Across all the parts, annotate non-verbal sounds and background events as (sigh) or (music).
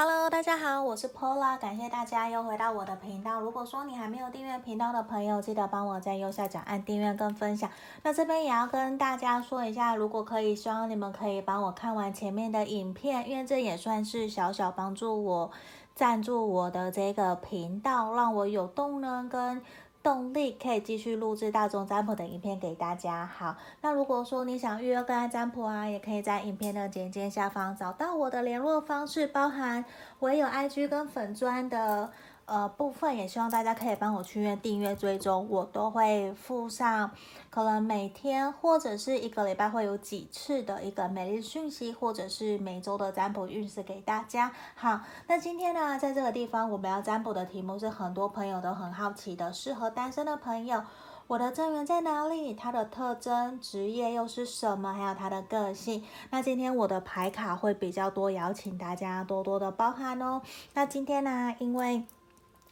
Hello，大家好，我是 Paula，感謝大家又回到我的頻道。如果說你還沒有訂閱頻道的朋友，記得幫我在右下角按訂閱跟分享。那這邊也要跟大家說一下，如果可以，希望你們可以幫我看完前面的影片，因為這也算是小小幫助我贊助我的這個頻道，讓我有動能跟動力可以繼續錄製大眾占卜的影片給大家。好，那如果說你想預約個案占卜啊，也可以在影片的簡介下方找到我的聯絡方式，包含我也有 IG 跟粉專的。呃，部分也希望大家可以幫我去約訂閱追蹤，我都會附上，可能每天或者是一個禮拜會有幾次的一個每日訊息，或者是每周的占卜運勢給大家。好，那今天呢，在這個地方我們要占卜的題目是很多朋友都很好奇的，適合單身的朋友，我的正緣在哪裡？他的特徵、職業又是什麼？還有他的個性。那今天我的牌卡會比較多，邀請大家多多的包涵哦。那今天呢，因為。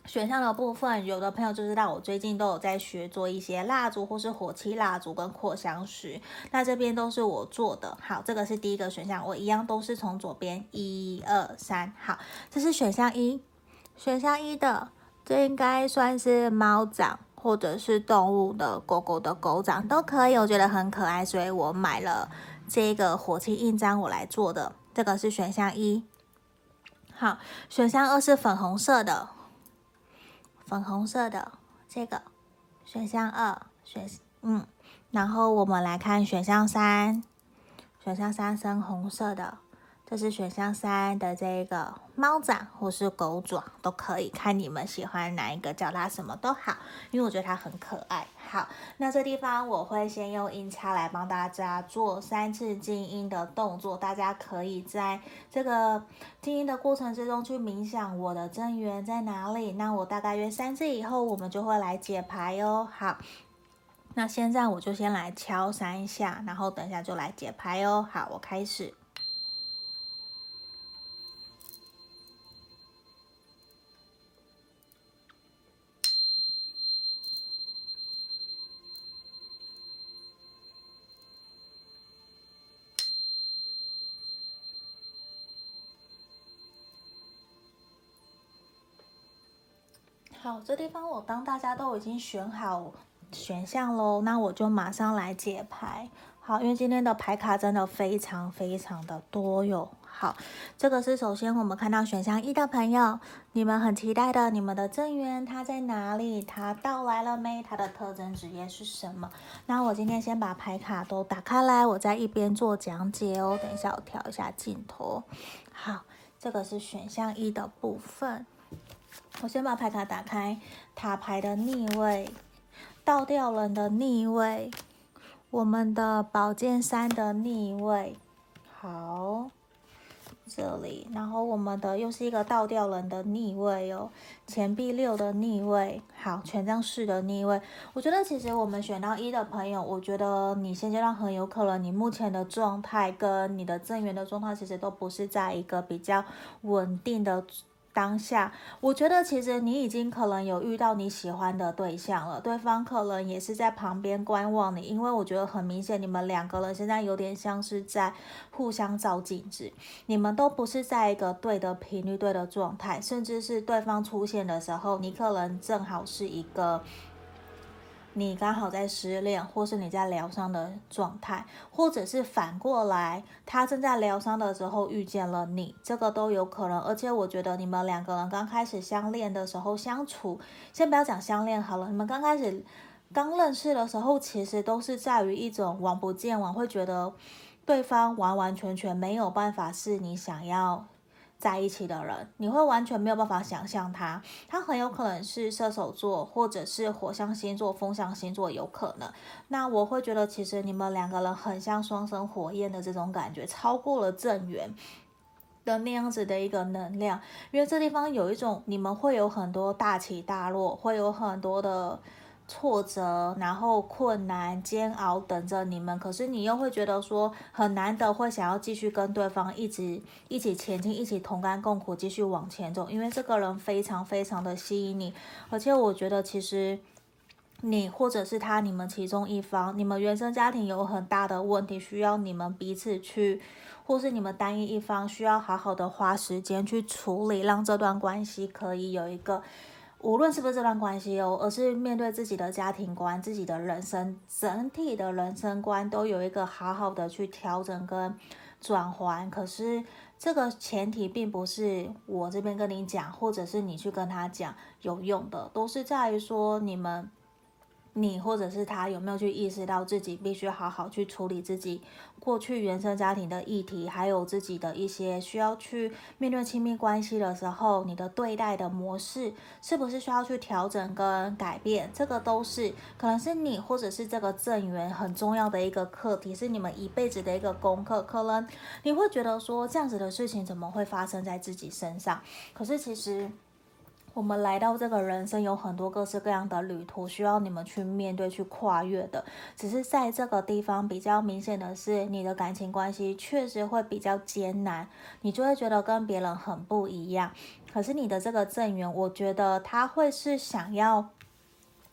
選項的部分，有的朋友就知道我最近都有在學做一些蠟燭，或是火漆蠟燭跟擴香石。那這邊都是我做的，好，這個是第一個選項，我一樣都是從左邊一二三，1, 2, 3, 好，這是選項一。選項一的，這應該算是貓掌或者是動物的，狗狗的狗掌都可以，我覺得很可愛，所以我買了這個火漆印章我來做的，這個是選項一。好，選項二是粉紅色的。粉紅色的這個選項二選嗯，然後我們來看選項三，選項三深紅色的。這是選項三的這一個貓掌或是狗爪都可以，看你們喜歡哪一個，叫它什麼都好，因為我覺得它很可愛。好，那這地方我會先用音叉來幫大家做三次靜音的動作，大家可以在這個靜音的過程之中去冥想我的正緣在哪裡。那我大概約三次以後，我們就會來解牌哦。好，那現在我就先來敲三下，然後等一下就來解牌哦。好，我開始。好，這地方我幫大家都已經選好選項嘍，那我就馬上來解牌。好，因為今天的牌卡真的非常非常的多喲。好，這個是首先我們看到選項一的朋友，你們很期待的，你們的正緣他在哪裡？他到來了沒？他的特徵職業是什麼？那我今天先把牌卡都打開來，我在一邊做講解哦。等一下我調一下鏡頭。好，這個是選項一的部分。我先把牌卡打開，塔牌的逆位，倒吊人的逆位，我們的寶劍三的逆位，好，這裡，然後我們的又是一個倒吊人的逆位哦，錢幣六的逆位，好，權杖四的逆位。我覺得其實我們選到一的朋友，我覺得你現階段很有可能你目前的狀態跟你的正緣的狀態其實都不是在一個比較穩定的。當下，我覺得其實你已經可能有遇到你喜歡的對象了，對方可能也是在旁邊觀望你，因為我覺得很明顯，你們兩個人現在有點像是在互相照鏡子，你們都不是在一個對的頻率、對的狀態，甚至是對方出現的時候，你可能正好是一個。你剛好在失戀，或是你在療傷的狀態，或者是反過來，他正在療傷的時候遇見了你，這個都有可能。而且我覺得你們兩個人剛開始相戀的時候相處，先不要講相戀好了，你們剛開始剛認識的時候，其實都是在於一種王不見王會覺得對方完完全全沒有辦法是你想要在一起的人，你會完全沒有辦法想象他，他很有可能是射手座或者是火象星座、風象星座有可能。那我會覺得，其實你們兩個人很像雙生火焰的這種感覺，超過了正緣的那樣子的一個能量，因為這地方有一種，你們會有很多大起大落，會有很多的。挫折，然後困難、煎熬等着你們。可是你又會覺得說很難得，會想要繼續跟對方一直一起前進，一起同甘共苦，繼續往前走。因為這個人非常非常的吸引你，而且我覺得其實你或者是他，你們其中一方，你們原生家庭有很大的問題，需要你們彼此去，或是你們單一一方需要好好的花時間去處理，讓這段關係可以有一個。無論是不是這段關係哦，而是面對自己的家庭觀、自己的人生，整體的人生觀，都有一個好好的去調整跟轉換。可是這個前提並不是我這邊跟你講，或者是你去跟他講有用的，都是在於說你們。你或者是他有沒有去意識到自己必須好好去處理自己過去原生家庭的議題，還有自己的一些需要去面對親密關係的時候，你的對待的模式是不是需要去調整跟改變？這個都是可能是你或者是這個正緣很重要的一個課題，是你們一輩子的一個功課。可能你會覺得說這樣子的事情怎麼會發生在自己身上？可是其實。我們來到這個人生有很多各式各樣的旅途需要你們去面對、去跨越的。只是在這個地方比較明顯的是，你的感情關係確實會比較艱難，你就會覺得跟別人很不一樣。可是你的這個正緣，我覺得他會是想要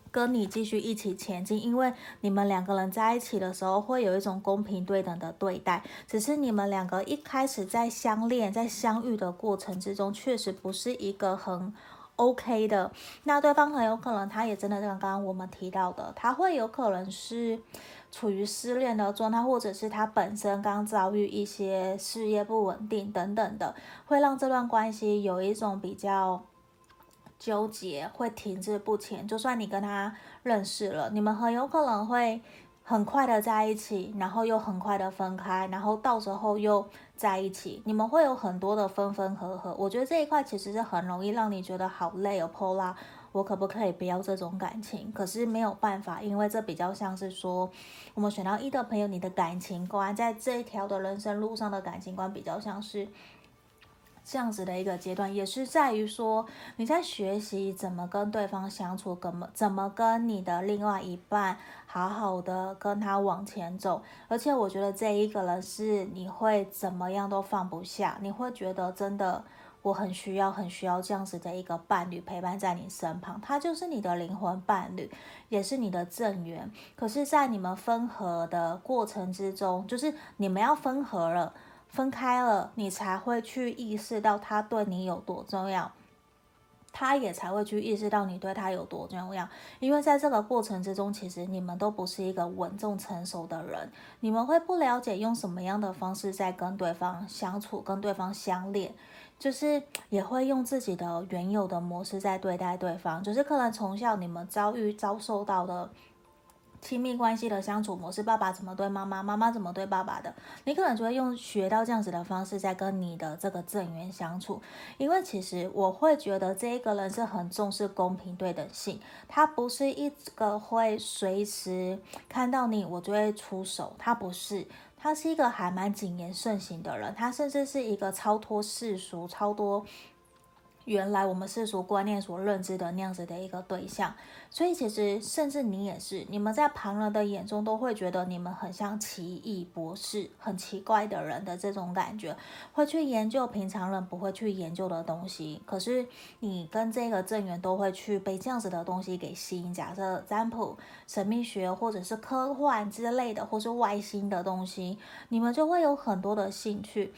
跟你繼續一起前進，因為你們兩個人在一起的時候會有一種公平對等的對待。只是你們兩個一開始在相戀、在相遇的過程之中，確實不是一個很。OK 的，那對方很有可能，他也真的像剛剛我們提到的，他會有可能是處於失戀的狀態，或者是他本身剛遭遇一些事業不穩定等等的，會讓這段關係有一種比較糾結，會停滯不前。就算你跟他認識了，你們很有可能會很快的在一起，然後又很快的分開，然後到時候又。在一起，你們會有很多的分分合合。我覺得這一塊其實是很容易讓你覺得好累哦，Paula，我可不可以不要這種感情？可是沒有辦法，因為這比較像是說，我們選到一的朋友，你的感情觀在這一條的人生路上的感情觀比較像是。這樣子的一個階段，也是在於說你在學習怎麼跟對方相處，怎麼怎麼跟你的另外一半好好的跟他往前走。而且我覺得這一個人是你會怎麼樣都放不下，你會覺得真的我很需要，很需要這樣子的一個伴侶陪伴在你身旁，他就是你的靈魂伴侶，也是你的正緣。可是，在你們分合的過程之中，就是你們要分合了。分開了，你才會去意識到他對你有多重要，他也才會去意識到你對他有多重要。因為在這個過程之中，其實你們都不是一個穩重成熟的人，你們會不了解用什麼樣的方式在跟對方相處，跟對方相戀，就是也會用自己的原有的模式在對待對方，就是可能從小你們遭遇，遭受到的。親密關係的相處模式，爸爸怎麼對媽媽，媽媽怎麼對爸爸的，你可能就會用學到這樣子的方式在跟你的這個正緣相處。因為其實我會覺得這一個人是很重視公平對等性，他不是一個會隨時看到你我就會出手，他不是，他是一個還蠻謹言慎行的人，他甚至是一個超脫世俗、超脫。原來我們世俗觀念所認知的那樣子的一個對象，所以其實甚至你也是，你們在旁人的眼中都會覺得你們很像奇異博士，很奇怪的人的這種感覺，會去研究平常人不會去研究的東西。可是你跟這個正緣都會去被這樣子的東西給吸引，假設占卜、神秘學或者是科幻之類的，或是外星的東西，你們就會有很多的興趣。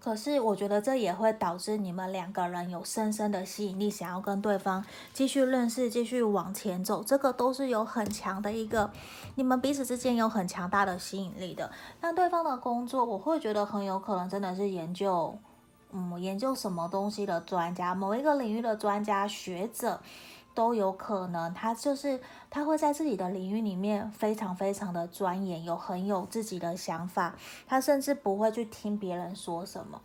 可是，我覺得這也會導致你們兩個人有深深的吸引力，想要跟對方繼續認識、繼續往前走，這個都是有很強的一個，你們彼此之間有很強大的吸引力的。但對方的工作，我會覺得很有可能真的是研究，嗯，研究什麼東西的專家，某一個領域的專家學者。都有可能，他就是他會在自己的領域裡面非常非常的鑽研，有很有自己的想法，他甚至不會去聽別人說什麼，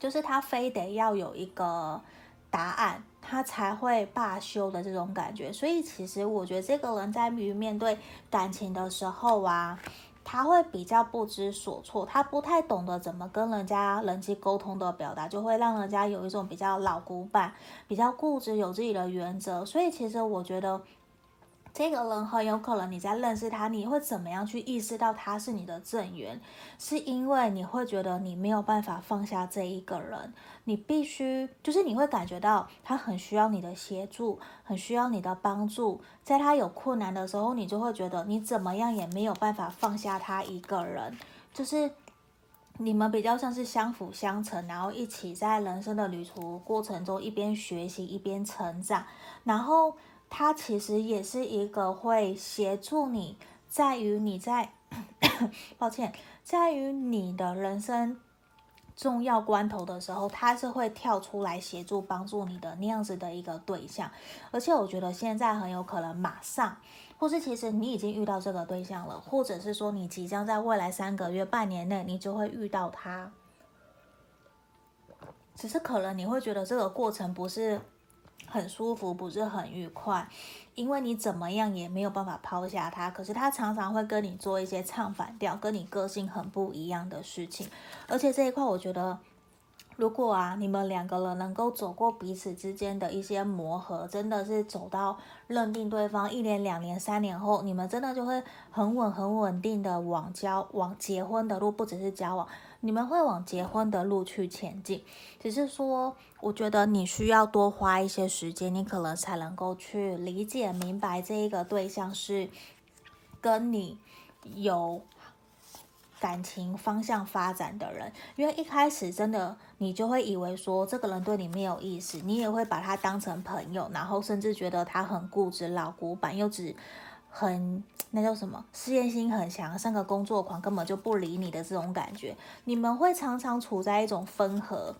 就是他非得要有一個答案，他才會罷休的這種感覺。所以，其實我覺得這個人在於面對感情的時候啊。他會比較不知所措，他不太懂得怎麼跟人家人際溝通的表達，就會讓人家有一種比較老古板，比較固執，有自己的原則。所以，其實我覺得。這個人很有可能你在認識他，你會怎麼樣去意識到他是你的正緣？是因為你會覺得你沒有辦法放下這一個人，你必須就是你會感覺到他很需要你的協助，很需要你的幫助，在他有困難的時候，你就會覺得你怎麼樣也沒有辦法放下他一個人。就是你們比較像是相輔相成，然後一起在人生的旅途過程中一邊學習，一邊成長，然後。他其實也是一個會協助你，在於你在， (coughs) 抱歉，在於你的人生重要關頭的時候，他是會跳出來協助幫助你的那樣子的一個對象。而且我覺得現在很有可能馬上，或是其實你已經遇到這個對象了，或者是說你即將在未來三個月、半年內，你就會遇到他。只是可能你會覺得這個過程不是。很舒服，不是很愉快，因為你怎麼樣也沒有辦法拋下他。可是他常常會跟你做一些唱反調，跟你個性很不一樣的事情。而且這一塊，我覺得，如果啊，你們兩個人能夠走過彼此之間的一些磨合，真的是走到認定對方，一年、兩年、三年後，你們真的就會很穩、很穩定的往交往、結婚的路，不只是交往。你們會往結婚的路去前進，只是說，我覺得你需要多花一些時間，你可能才能夠去理解明白這一個對象是跟你有感情方向發展的人。因為一開始真的，你就會以為說這個人對你沒有意思，你也會把他當成朋友，然後甚至覺得他很固執、老古板，又只。很，那叫什麼？事業心很強，像個工作狂，根本就不理你的這種感覺，你們會常常處在一種分合。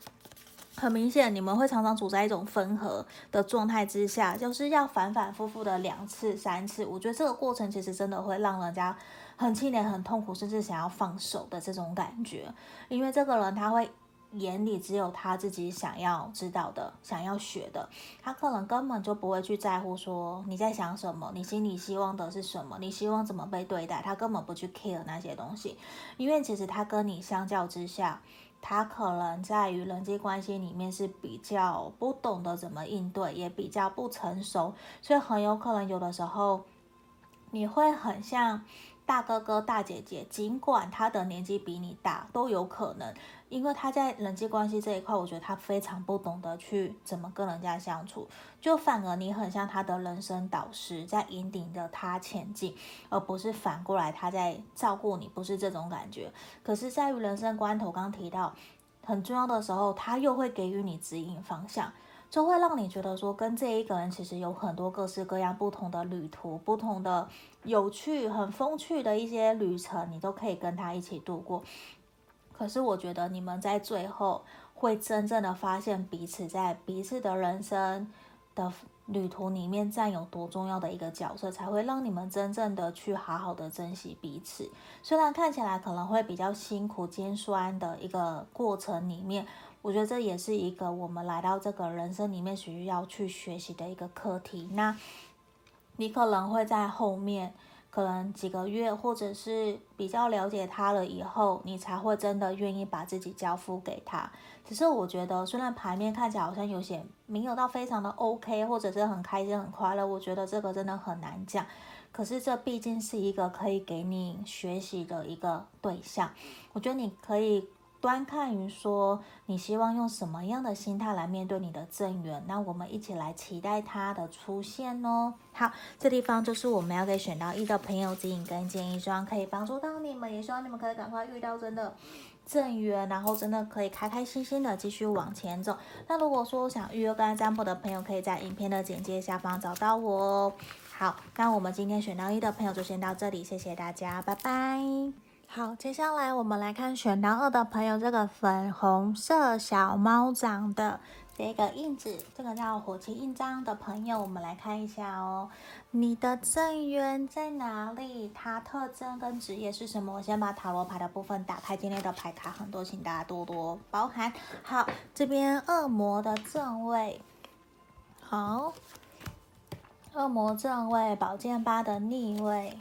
很明顯，你們會常常處在一種分合的狀態之下，就是要反反复复的兩次、三次。我覺得這個過程其實真的會讓人家很氣餒、很痛苦，甚至想要放手的這種感覺，因為這個人他會。眼裡只有他自己想要知道的、想要學的，他可能根本就不會去在乎說你在想什麼，你心裡希望的是什麼，你希望怎麼被對待，他根本不去 care 那些東西，因為其實他跟你相較之下，他可能在於人際關係裡面是比較不懂得怎麼應對，也比較不成熟，所以很有可能有的時候你會很像。大哥哥、大姐姐，儘管他的年紀比你大，都有可能，因為他在人際關係這一塊，我覺得他非常不懂得去怎麼跟人家相處，就反而你很像他的人生導師，在引領着他前進，而不是反過來他在照顧你，不是這種感覺。可是，在於人生關頭，剛剛提到很重要的時候，他又會給予你指引方向，就會讓你覺得說，跟這一個人其實有很多各式各樣不同的旅途，不同的。有趣、很風趣的一些旅程，你都可以跟他一起度過。可是，我覺得你們在最後會真正的發現彼此在彼此的人生的旅途裡面佔有多重要的一個角色，才會讓你們真正的去好好的珍惜彼此。雖然看起來可能會比較辛苦、尖酸的一個過程裡面，我覺得這也是一個我們來到這個人生裡面需要去學習的一個課題。那。你可能會在後面，可能幾個月或者是比較了解他了以後，你才會真的願意把自己交付給他。只是我覺得，雖然牌面看起來好像有些沒有到非常的 OK，或者是很開心很快樂，我覺得這個真的很難講。可是這畢竟是一個可以給你學習的一個對象，我覺得你可以。觀看於說，你希望用什麼樣的心態來面對你的正緣？那我們一起來期待它的出現哦。好，這地方就是我們要給選到一的朋友指引跟建議，希望可以幫助到你們，也希望你們可以趕快遇到真的正緣，然後真的可以開開心心的繼續往前走。那如果說想預約個案占卜的朋友，可以在影片的簡介下方找到我哦。好，那我們今天選到一的朋友就先到這裡，謝謝大家，拜拜。好，接下來我們來看選到二的朋友，這個粉紅色小貓長的這個印子，這個叫火漆印章的朋友，我們來看一下哦。你的正緣在哪裡？它特徵跟職業是什麼？我先把塔羅牌的部分打開，今天的牌卡很多，請大家多多包涵。好，這邊惡魔的正位，好，惡魔正位，寶劍八的逆位，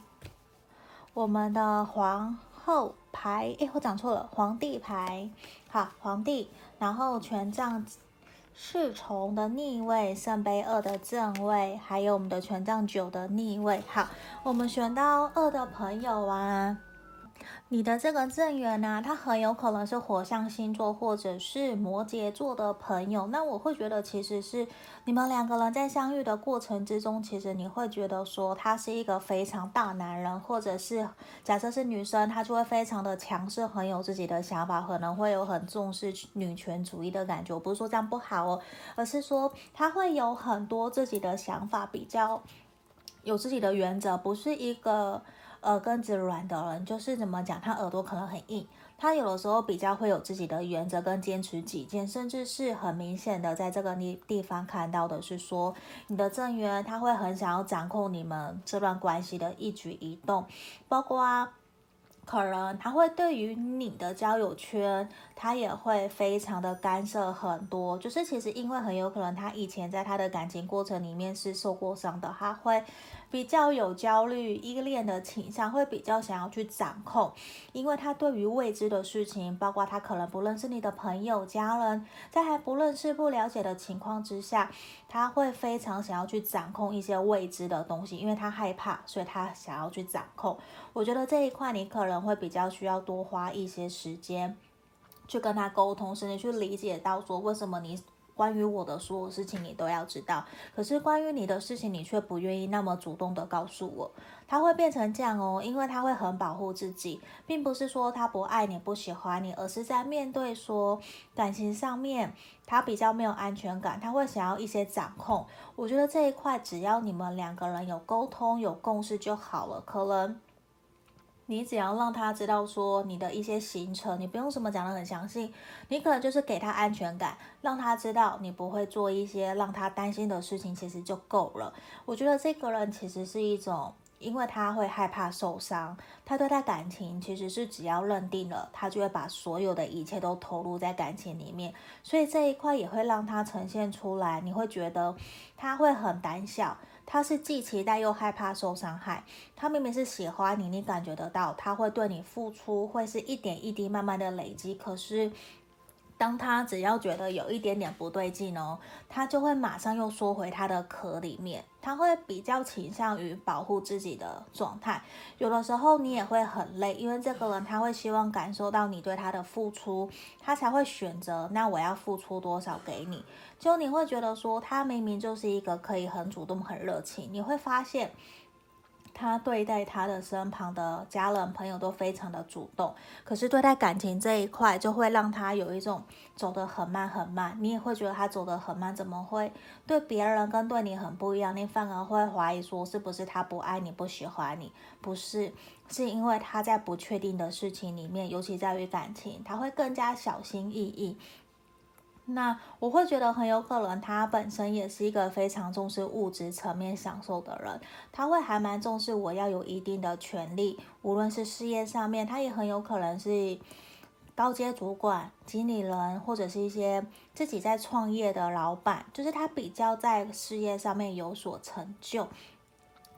我們的黃。後排，哎，我講錯了，皇帝牌，好，皇帝，然後權杖侍從的逆位，聖杯二的正位，還有我們的權杖九的逆位。好，我們選到二的朋友啊。你的這個正緣呢、啊，他很有可能是火象星座或者是摩羯座的朋友。那我會覺得，其實是你們兩個人在相遇的過程之中，其實你會覺得說，他是一個非常大男人，或者是假設是女生，她就會非常的強勢，很有自己的想法，可能會有很重視女權主義的感覺。我不是說這樣不好哦，而是說他會有很多自己的想法，比較有自己的原則，不是一個。耳根子軟的人，就是怎麼講，他耳朵可能很硬，他有的時候比較會有自己的原則跟堅持己見，甚至是很明顯的在這個地地方看到的是說，你的正緣他會很想要掌控你們這段關係的一舉一動，包括可能他會對於你的交友圈，他也會非常的干涉很多，就是其實因為很有可能他以前在他的感情過程裡面是受過傷的，他會比較有焦慮依戀的傾向，會比較想要去掌控，因為他對於未知的事情，包括他可能不認識你的朋友家人，在還不認識不了解的情況之下，他會非常想要去掌控一些未知的東西，因為他害怕，所以他想要去掌控。我覺得這一塊你可能會比較需要多花一些時間。去跟他溝通，甚至去理解到說，為什麼你關於我的所有事情你都要知道，可是關於你的事情你却不願意那麼主動的告訴我。他會變成這樣哦，因為他會很保護自己，並不是說他不愛你、不喜歡你，而是在面對說感情上面他比較沒有安全感，他會想要一些掌控。我覺得這一塊只要你們兩個人有溝通、有共識就好了，可能。你只要讓他知道說你的一些行程，你不用什麼講得很詳細，你可能就是給他安全感，讓他知道你不會做一些讓他擔心的事情，其實就夠了。我覺得這個人其實是一種。因為他會害怕受傷，他對待感情其實是只要認定了，他就會把所有的一切都投入在感情裡面，所以這一塊也會讓他呈現出來。你會覺得他會很膽小，他是既期待又害怕受傷害。他明明是喜歡你，你感覺得到他會對你付出，會是一點一滴慢慢的累積，可是。當他只要覺得有一點點不對勁哦，他就會馬上又縮回他的殼裡面，他會比較傾向於保護自己的狀態。有的時候你也會很累，因為這個人他會希望感受到你對他的付出，他才會選擇那我要付出多少給你。就你會覺得說，他明明就是一個可以很主動、很熱情，你會發現。他對待他的身旁的家人朋友都非常的主動，可是對待感情這一塊，就會讓他有一種走得很慢很慢，你也會覺得他走得很慢，怎麼會對別人跟對你很不一樣？你反而會懷疑說是不是他不愛你、不喜歡你？不是，是因為他在不確定的事情裡面，尤其在於感情，他會更加小心翼翼。那我會覺得很有可能，他本身也是一個非常重視物質層面享受的人。他會還蠻重視我要有一定的權利，無論是事業上面，他也很有可能是高階主管、經理人，或者是一些自己在創業的老闆，就是他比較在事業上面有所成就。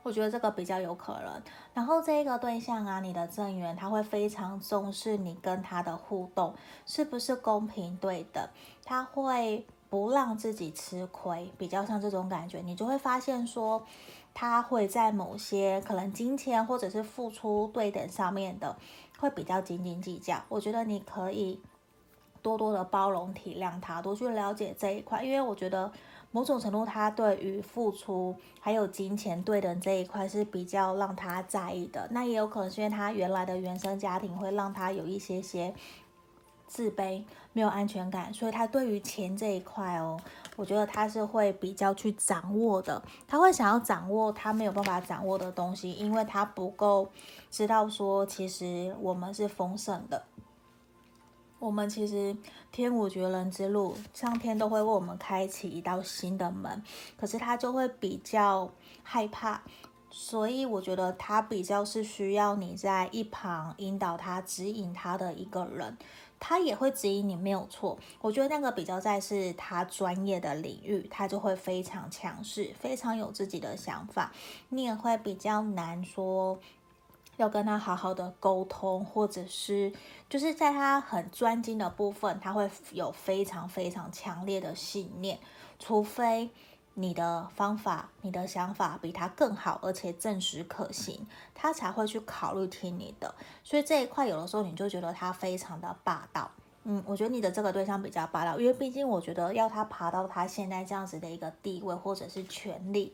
我覺得這個比較有可能。然後這一個對象啊，你的正緣他會非常重視你跟他的互動是不是公平對等，他會不讓自己吃虧，比較像這種感覺，你就會發現說他會在某些可能金錢或者是付出對等上面的會比較斤斤計較。我覺得你可以多多的包容體諒他，多去了解這一塊，因為我覺得。某種程度，他對於付出還有金錢對等這一塊是比較讓他在意的。那也有可能是因為他原來的原生家庭會讓他有一些些自卑、沒有安全感，所以他對於錢這一塊哦，我覺得他是會比較去掌握的。他會想要掌握他沒有辦法掌握的東西，因為他不夠知道說，其實我們是豐盛的。我們其實天無絕人之路，上天都會為我們開啟一道新的門，可是他就會比較害怕，所以我覺得他比較是需要你在一旁引導他、指引他的一個人，他也會指引你沒有錯。我覺得那個比較在是他專業的領域，他就會非常強勢，非常有自己的想法，你也會比較難說。要跟他好好的溝通，或者是就是在他很專精的部分，他會有非常非常強烈的信念，除非你的方法、你的想法比他更好，而且證實可行，他才會去考慮聽你的。所以這一塊有的時候你就覺得他非常的霸道。嗯，我覺得你的這個對象比較霸道，因為畢竟我覺得要他爬到他現在這樣子的一個地位或者是權力。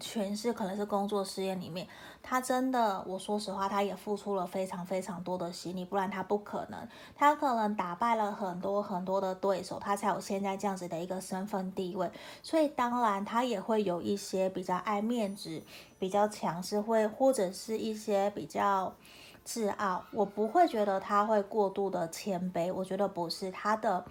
全是可能是工作事業裡面，他真的，我說實話，他也付出了非常非常多的精力，不然他不可能。他可能打敗了很多很多的對手，他才有現在這樣子的一個身份地位。所以當然他也會有一些比較愛面子、比較強勢，會或者是一些比較自傲。我不會覺得他會過度的謙卑，我覺得不是他的，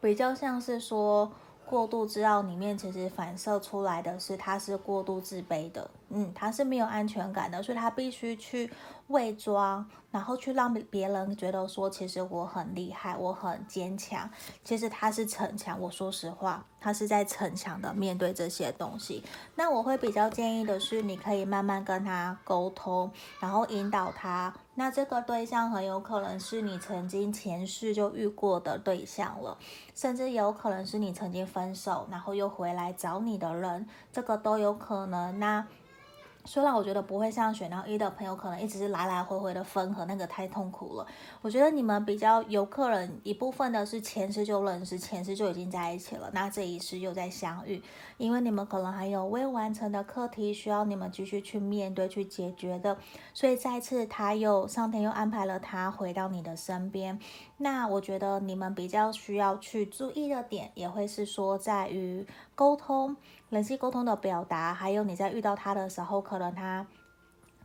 比較像是說。過度自傲裡面其實反射出來的是，他是過度自卑的，嗯，他是沒有安全感的，所以他必須去。偽裝，然後去讓別人覺得說，其實我很厲害，我很堅強。其實他是逞強，我說實話，他是在逞強的面對這些東西。那我會比較建議的是，你可以慢慢跟他溝通，然後引導他。那這個對象很有可能是你曾經前世就遇過的對象了，甚至有可能是你曾經分手，然後又回來找你的人，這個都有可能那。雖然我覺得不會上選到一的朋友可能一直是來來回回的分合，那個太痛苦了。我覺得你們比較有客人一部分的是前世就認識，前世就已經在一起了，那這一世又在相遇，因為你們可能還有未完成的課題需要你們繼續去面對、去解決的，所以再次他又上天又安排了他回到你的身邊。那我覺得你們比較需要去注意的點，也會是說在於溝通、人際溝通的表達，還有你在遇到他的時候，可能他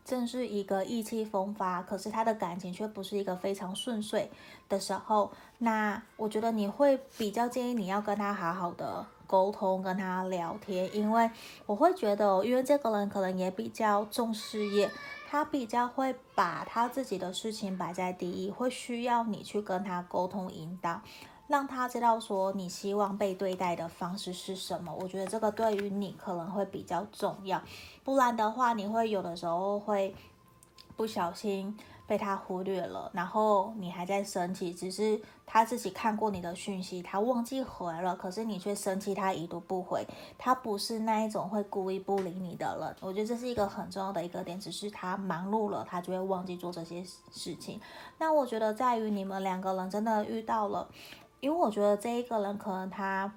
正是一個意氣風發，可是他的感情卻不是一個非常順遂的時候。那我覺得你會比較建議你要跟他好好的，溝通跟他聊天，因為我會覺得，因為這個人可能也比較重事業，他比較會把他自己的事情擺在第一，會需要你去跟他溝通引導，讓他知道說你希望被對待的方式是什麼。我覺得這個對於你可能會比較重要，不然的話，你會有的時候會不小心。被他忽略了，然後你還在生氣，只是他自己看過你的訊息，他忘記回了，可是你卻生氣他已讀不回。他不是那一種會故意不理你的人，我覺得這是一個很重要的一個點，只是他忙碌了，他就會忘記做這些事情。那我覺得在於你們兩個人真的遇到了，因為我覺得這一個人可能他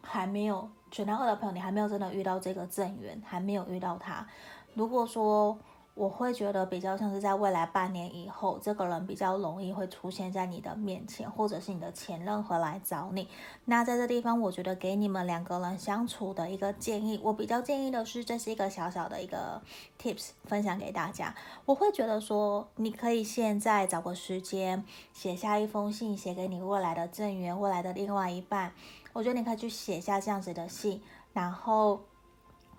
還沒有選二的朋友，你還沒有真的遇到這個正緣，還沒有遇到他。如果說，我會覺得比較像是在未來半年以後，這個人比較容易會出現在你的面前，或者是你的前任回來找你。那在這地方，我覺得給你們兩個人相處的一個建議，我比較建議的是，這是一個小小的一個 tips 分享給大家。我會覺得說，你可以現在找個時間寫下一封信，寫給你未來的正緣、未來的另外一半。我覺得你可以去寫下這樣子的信，然後，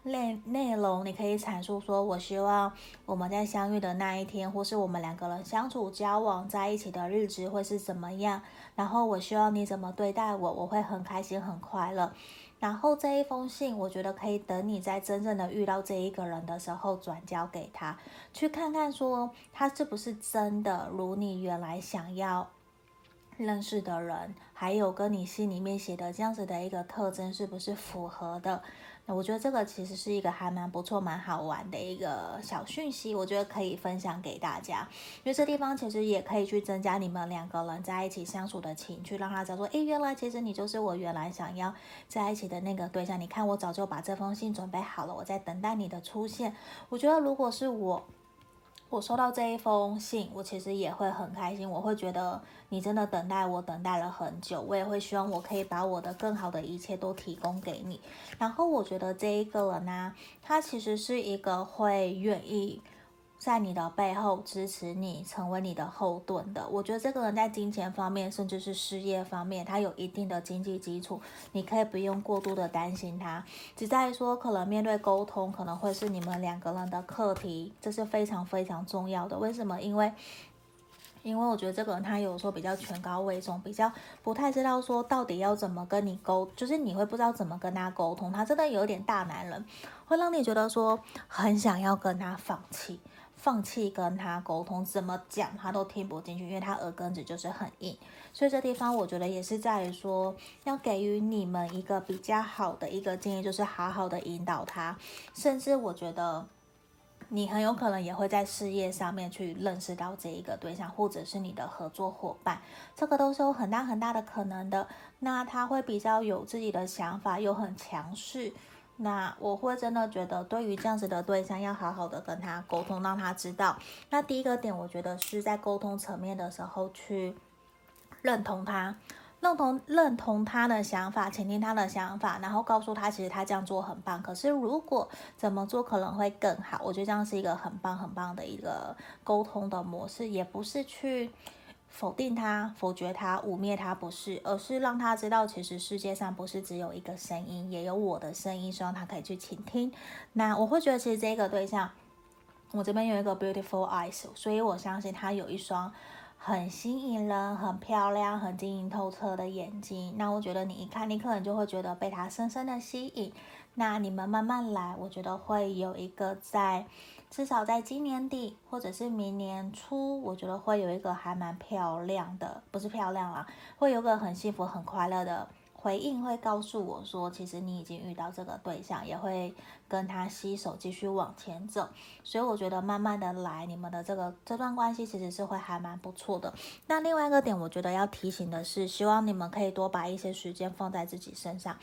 內內容，你可以闡述說，我希望我們在相遇的那一天，或是我們兩個人相處交往在一起的日子會是怎麼樣。然後，我希望你怎麼對待我，我會很開心很快樂。然後這一封信，我覺得可以等你在真正的遇到這一個人的時候，轉交給他，去看看說他是不是真的如你原來想要認識的人，還有跟你心裡面寫的這樣子的一個特徵是不是符合的。我覺得這個其實是一個還蠻不錯、蠻好玩的一個小訊息，我覺得可以分享給大家，因為這地方其實也可以去增加你們兩個人在一起相處的情趣，讓他知道說：‘哎、欸，原來其實你就是我原來想要在一起的那個對象。你看，我早就把這封信準備好了，我在等待你的出現。我覺得，如果是我。我收到這一封信，我其實也會很開心。我會覺得你真的等待我，等待了很久。我也會希望我可以把我的更好的一切都提供給你。然後我覺得這一個人呢、啊，他其實是一個會願意。在你的背後支持你，成為你的後盾的，我覺得這個人在金錢方面，甚至是事業方面，他有一定的經濟基礎，你可以不用過度的擔心他。只在於說，可能面對溝通，可能會是你們兩個人的課題，這是非常非常重要的。為什麼？因為，因為我覺得這個人他有時候比較權高位重，比較不太知道說到底要怎麼跟你溝，就是你會不知道怎麼跟他溝通。他真的有點大男人，會讓你覺得說很想要跟他放棄。放棄跟他溝通，怎麼講他都聽不進去，因為他耳根子就是很硬。所以這地方我覺得也是在於說，要給予你們一個比較好的一個建議，就是好好的引導他。甚至我覺得，你很有可能也會在事業上面去認識到這一個對象，或者是你的合作夥伴，這個都是有很大很大的可能的。那他會比較有自己的想法，又很強勢。那我會真的覺得，對於這樣子的對象，要好好的跟他溝通，讓他知道。那第一個點，我覺得是在溝通層面的時候去認同他，認同認同他的想法，傾聽他的想法，然後告訴他，其實他這樣做很棒。可是如果怎麼做可能會更好，我覺得這樣是一個很棒很棒的一個溝通的模式，也不是去。否定他，否決他，污蔑他，不是，而是讓他知道，其實世界上不是只有一個聲音，也有我的聲音，希望他可以去傾聽。那我會覺得，其實這個對象，我這邊有一個 beautiful eyes，所以我相信他有一雙很吸引人、很漂亮、很晶瑩透徹的眼睛。那我覺得你一看，你可能就會覺得被他深深的吸引。那你們慢慢來，我覺得會有一個在。至少在今年底，或者是明年初，我覺得會有一個還蠻漂亮的，不是漂亮啦，會有個很幸福、很快樂的回應，會告訴我說，其實你已經遇到這個對象，也會跟他攜手繼續往前走。所以我覺得慢慢的來，你們的這個這段關係其實是會還蠻不錯的。那另外一個點，我覺得要提醒的是，希望你們可以多把一些時間放在自己身上。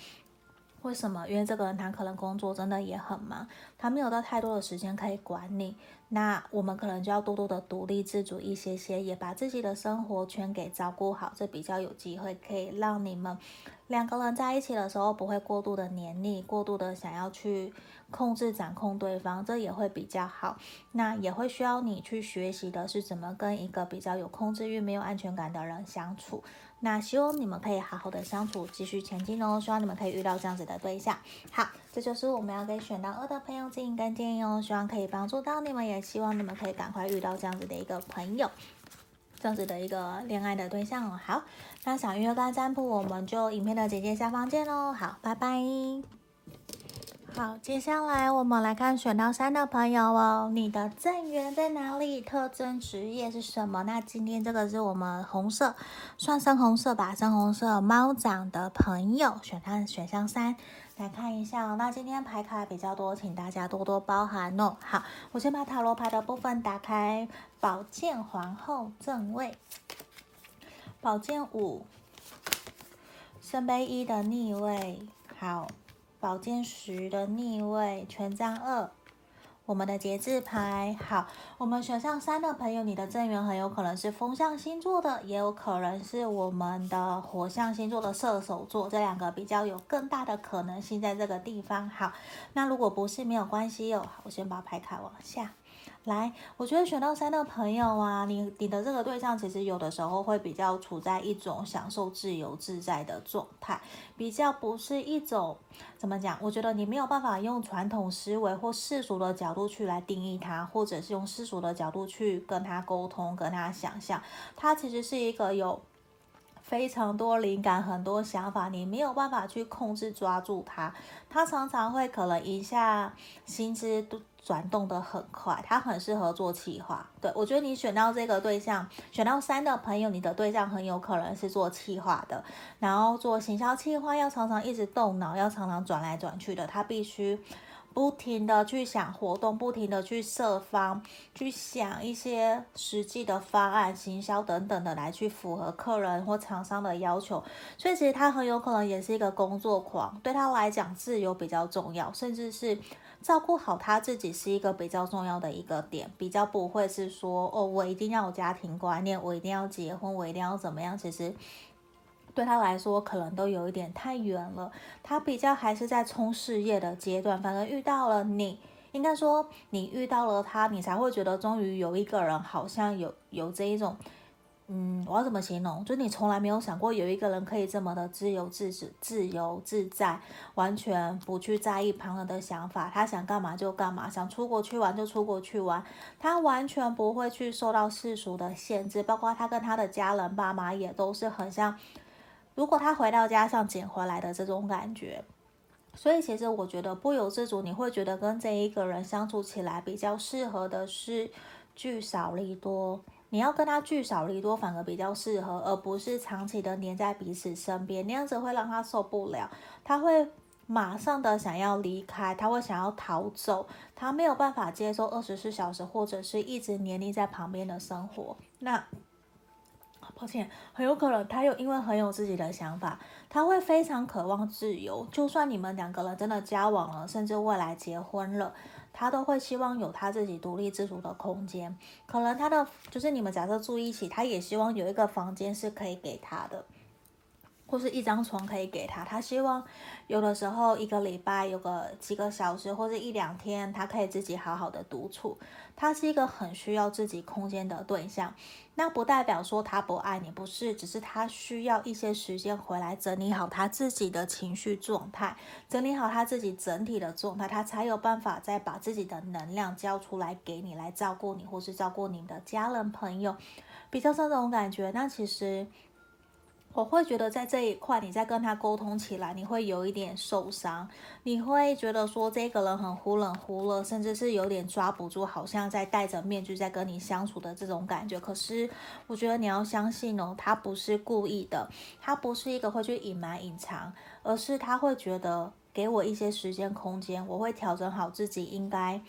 為什麼？因為這個人他可能工作真的也很忙，他沒有到太多的時間可以管你。那我們可能就要多多的獨立自主一些些，也把自己的生活圈給照顧好，這比較有機會可以讓你們兩個人在一起的時候不會過度的黏膩，過度的想要去。控制掌控對方，這也會比較好。那也會需要你去學習的是怎麼跟一個比較有控制欲、沒有安全感的人相處。那希望你們可以好好的相處，繼續前進哦。希望你們可以遇到這樣子的對象。好，這就是我們要給選到二的朋友建議跟建議哦。希望可以幫助到你們，也希望你們可以趕快遇到這樣子的一個朋友，這樣子的一個戀愛的對象哦。好，那想約個案占卜我們就影片的簡介下方見嘍。好，拜拜。好，接下來我們來看選到三的朋友哦。你的正緣在哪裡？特徵職業是什麼？那今天這個是我們紅色，算深紅色吧，深紅色貓掌的朋友選看選項三來看一下哦。那今天牌卡比較多，請大家多多包涵哦。好，我先把塔羅牌的部分打開，寶劍皇后正位，寶劍五，聖杯一的逆位。好。寶劍十的逆位，權杖二，我們的節制牌。好，我們選上三的朋友，你的正緣很有可能是風象星座的，也有可能是我們的火象星座的射手座，這兩個比較有更大的可能性在這個地方。好，那如果不是沒有關係哦。我先把牌卡往下。來，我覺得選到三的朋友啊，你你的這個對象其實有的時候會比較處在一種享受自由自在的狀態，比較不是一種怎麼講？我覺得你沒有辦法用傳統思維或世俗的角度去來定義他，或者是用世俗的角度去跟他溝通、跟他想象，他其實是一個有非常多靈感、很多想法，你沒有辦法去控制、抓住他，他常常會可能一下心知都轉動得很快，他很適合做企劃。對，我覺得你選到這個對象，選到三的朋友，你的對象很有可能是做企劃的，然後做行銷企劃要常常一直動腦，要常常轉來轉去的，他必須不停的去想活動，不停的去設方，去想一些實際的方案、行銷等等的來去符合客人或廠商的要求。所以其實他很有可能也是一個工作狂，對他來講自由比較重要，甚至是。照顧好他自己是一個比較重要的一個點，比較不會是說哦，我一定要有家庭觀念，我一定要結婚，我一定要怎麼樣。其實對他來說，可能都有一點太遠了。他比較還是在衝事業的階段，反正遇到了你，應該說你遇到了他，你才會覺得終於有一個人好像有有這一種。嗯，我要怎麼形容？就你從來沒有想過有一個人可以這麼的自由自主，自由自在，完全不去在意旁人的想法，他想幹嘛就幹嘛，想出國去玩就出國去玩，他完全不會去受到世俗的限制，包括他跟他的家人、爸媽也都是很像。如果他回到家上撿回來的這種感覺，所以其實我覺得不由自主，你會覺得跟這一個人相處起來比較適合的是聚少離多。你要跟他聚少離多，反而比較適合，而不是長期的黏在彼此身邊，那樣子會讓他受不了，他會馬上的想要離開，他會想要逃走，他沒有辦法接受二十四小時或者是一直黏膩在旁邊的生活。那，抱歉，很有可能他又因為很有自己的想法，他會非常渴望自由，就算你們兩個人真的交往了，甚至未來結婚了。他都會希望有他自己獨立自主的空間，可能他的就是你們假設住一起，他也希望有一個房間是可以給他的。或是一張床可以給他，他希望有的時候一個禮拜有個幾個小時，或是一兩天，他可以自己好好的獨處。他是一個很需要自己空間的對象，那不代表說他不愛你，不是，只是他需要一些時間回來整理好他自己的情緒狀態，整理好他自己整體的狀態，他才有辦法再把自己的能量交出來給你來照顧你，或是照顧你的家人朋友，比較像這種感覺。那其實。我會覺得在這一塊，你在跟他溝通起來，你會有一點受傷，你會覺得說這個人很忽冷忽熱，甚至是有點抓不住，好像在戴着面具在跟你相處的這種感覺。可是，我覺得你要相信哦，他不是故意的，他不是一個會去隱瞞隱藏，而是他會覺得給我一些時間空間，我會調整好自己應該。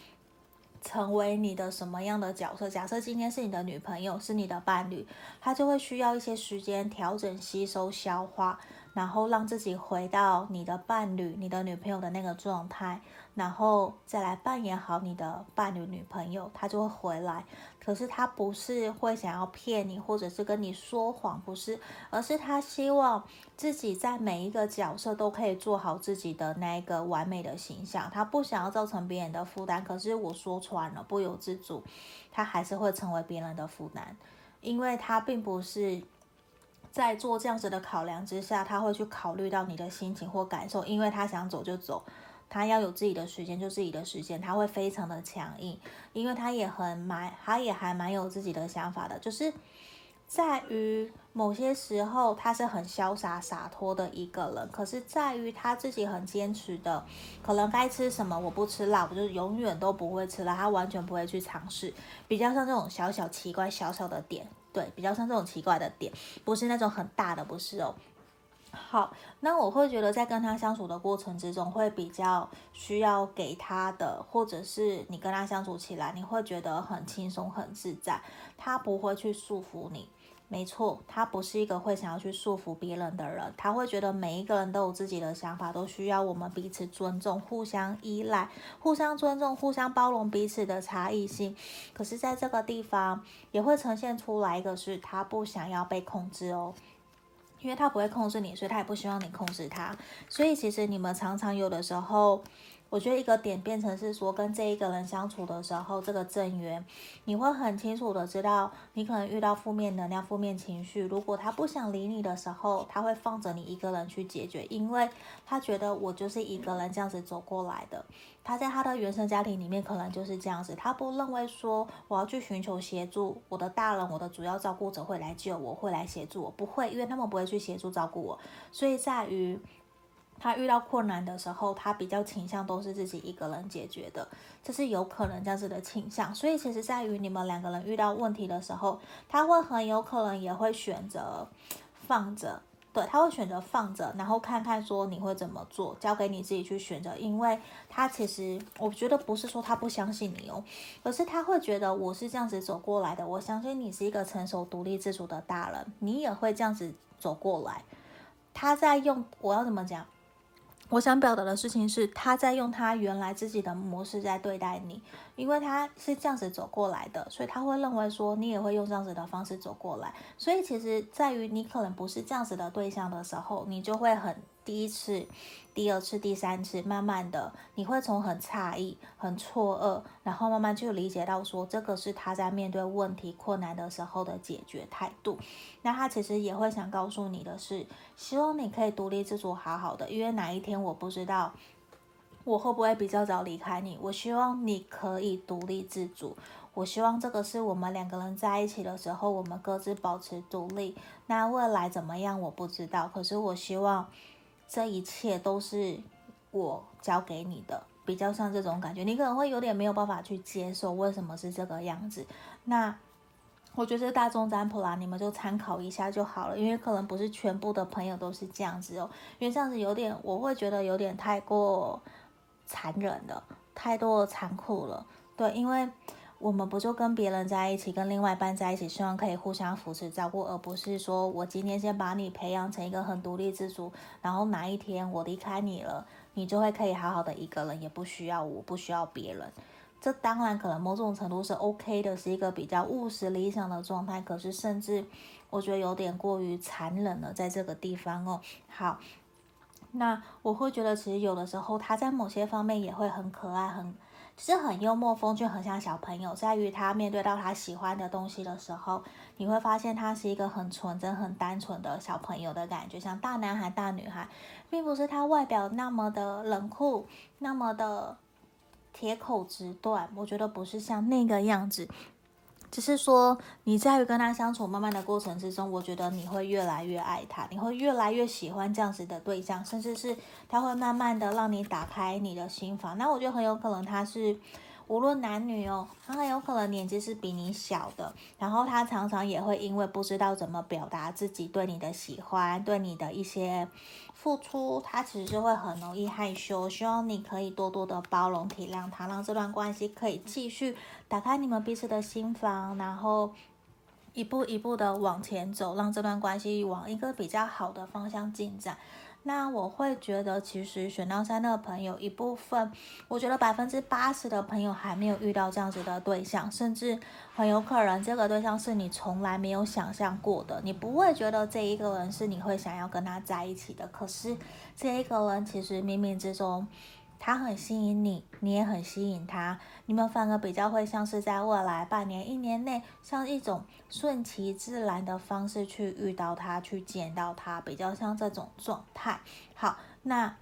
成為你的什麼樣的角色？假設今天是你的女朋友，是你的伴侶，她就會需要一些時間調整、吸收、消化，然後讓自己回到你的伴侶、你的女朋友的那個狀態，然後再來扮演好你的伴侶、女朋友，她就會回來。可是他不是會想要騙你，或者是跟你說謊，不是，而是他希望自己在每一個角色都可以做好自己的那一個完美的形象。他不想要造成別人的負擔。可是我說穿了，不由自主，他還是會成為別人的負擔，因為他並不是在做這樣子的考量之下，他會去考慮到你的心情或感受，因為他想走就走。他要有自己的時間就自己的時間，他會非常的強硬，因為他也很蠻，他也還蠻有自己的想法的，就是在於某些時候他是很瀟灑灑脫的一個人，可是在於他自己很堅持的，可能該吃什麼我不吃辣，我就永遠都不會吃辣，他完全不會去嘗試，比較像這種小小奇怪小小的點，對，比較像這種奇怪的點，不是那種很大的，不是哦。好，那我會覺得在跟他相處的過程之中，會比較需要給他的，或者是你跟他相處起來，你會覺得很輕鬆、很自在，他不會去束縛你。沒錯，他不是一個會想要去束縛別人的人，他會覺得每一個人都有自己的想法，都需要我們彼此尊重、互相依賴、互相尊重、互相包容彼此的差異性。可是，在這個地方也會呈現出來一個是他不想要被控制哦。因為他不會控制你，所以他也不希望你控制他。所以其實你們常常有的時候。我覺得一個點變成是說，跟這一個人相處的時候，這個正緣，你會很清楚的知道，你可能遇到負面能量、負面情緒。如果他不想理你的時候，他會放着你一個人去解決，因為他覺得我就是一個人這樣子走過來的。他在他的原生家庭裡面可能就是這樣子，他不認為說我要去尋求協助，我的大人、我的主要照顧者會來救我，會來協助我，不會，因為他們不會去協助照顧我。所以在於。他遇到困難的時候，他比較傾向都是自己一個人解決的，這是有可能這樣子的傾向。所以，其實在於你們兩個人遇到問題的時候，他會很有可能也會選擇放着，對他會選擇放着，然後看看說你會怎麼做，交給你自己去選擇。因為他其實我覺得不是說他不相信你哦，喔，而是他會覺得我是這樣子走過來的，我相信你是一個成熟、獨立、自主的大人，你也會這樣子走過來。他在用我要怎麼講？我想表達的事情是，他在用他原來自己的模式在對待你，因為他是這樣子走過來的，所以他會認為說你也會用這樣子的方式走過來，所以其實在於你可能不是這樣子的對象的時候，你就會很。第一次、第二次、第三次，慢慢的，你會從很詫異、很錯愕，然後慢慢就理解到說，說這個是他在面對問題困難的時候的解決態度。那他其實也會想告訴你的是，希望你可以獨立自主，好好的，因為哪一天我不知道，我會不會比較早離開你？我希望你可以獨立自主。我希望這個是我們兩個人在一起的時候，我們各自保持獨立。那未來怎麼樣，我不知道，可是我希望。這一切都是我教給你的，比較像這種感覺，你可能會有點沒有辦法去接受，為什麼是這個樣子？那我覺得大眾占卜啦，你們就參考一下就好了，因為可能不是全部的朋友都是這樣子哦，因為這樣子有點，我會覺得有點太過殘忍了，太多殘酷了，對，因為。我們不就跟別人在一起，跟另外一半在一起，希望可以互相扶持照顧，而不是說我今天先把你培養成一個很獨立自主，然後哪一天我離開你了，你就會可以好好的一個人，也不需要我，不需要別人。這當然可能某種程度是 OK 的，是一個比較務實理想的狀態，可是甚至我覺得有點過於殘忍了，在這個地方哦。好，那我會覺得其實有的時候他在某些方面也會很可愛，很。是很幽默風趣，就很像小朋友。在於他面對到他喜歡的東西的時候，你會發現他是一個很純真、很單純的小朋友的感覺。像大男孩、大女孩，並不是他外表那麼的冷酷，那麼的鐵口直斷。我覺得不是像那個樣子。只、就是說，你在於跟他相處慢慢的過程之中，我覺得你會越來越愛他，你會越來越喜歡這樣子的對象，甚至是他會慢慢的讓你打開你的心房。那我覺得很有可能他是無論男女哦、喔，他很有可能年紀是比你小的，然後他常常也會因為不知道怎麼表達自己對你的喜歡，對你的一些。付出，他其實就會很容易害羞，希望你可以多多的包容體諒他。它讓這段關係可以繼續打開你們彼此的心房，然後一步一步的往前走，讓這段關係往一個比較好的方向進展。那我會覺得，其實選到三的朋友，一部分，我覺得百分之八十的朋友還沒有遇到這樣子的對象，甚至很有可能這個對象是你從來沒有想象過的，你不會覺得這一個人是你會想要跟他在一起的，可是這一個人其實冥冥之中，他很吸引你，你也很吸引他，你們反而比較會像是在未來半年、一年內，像一種順其自然的方式去遇到他、去見到他，比較像這種狀態。好，那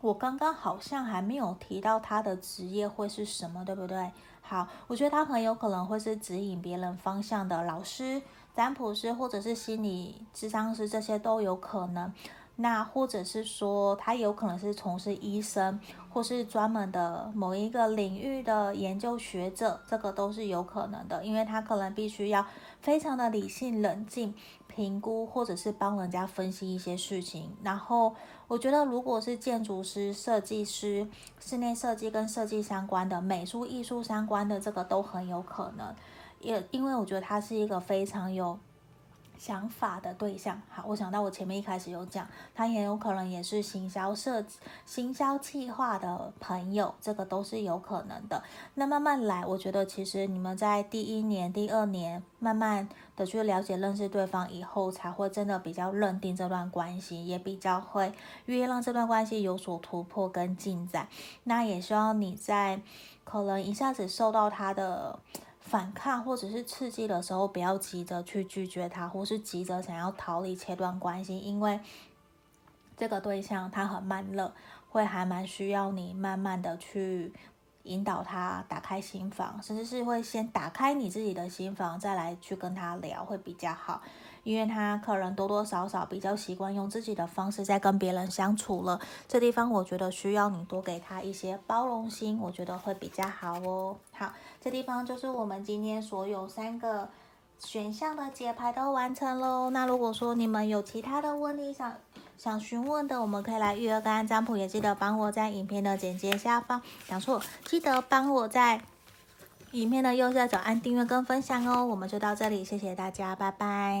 我剛剛好像還沒有提到他的職業會是什麼，對不對？好，我覺得他很有可能會是指引別人方向的老師、占卜師，或者是心理諮商師，這些都有可能。那或者是說，他有可能是從事醫生。或是專門的某一個領域的研究學者，這個都是有可能的，因為他可能必須要非常的理性冷靜評估，或者是幫人家分析一些事情。然後我覺得，如果是建築師、設計師、室內設計跟設計相關的、美術藝術相關的，這個都很有可能，也因為我覺得他是一個非常有想法的對象，好，我想到我前面一開始有講，他也有可能也是行銷設計、行銷企劃的朋友，這個都是有可能的。那慢慢來，我覺得其實你們在第一年、第二年，慢慢的去了解、認識對方以後，才會真的比較認定這段關係，也比較會願意讓這段關係有所突破跟進展。那也希望你在可能一下子受到他的。反抗，或者是刺激的時候，不要急着去拒絕他，或是急着想要逃離、切斷關係，因為這個對象他很慢熱，會還蠻需要你慢慢的去引導他打開心房，甚至是會先打開你自己的心房，再來去跟他聊會比較好，因為他可能多多少少比較習慣用自己的方式在跟別人相處了，這地方我覺得需要你多給他一些包容心，我覺得會比較好哦。好。這地方就是我們今天所有三個選項的解牌都完成嘍。那如果說你們有其他的問題想想詢問的，我們可以來預約個案占卜，也記得幫我在影片的簡介下方講述，記得幫我在影片的右下角按訂閱跟分享哦。我們就到這裡，謝謝大家，拜拜。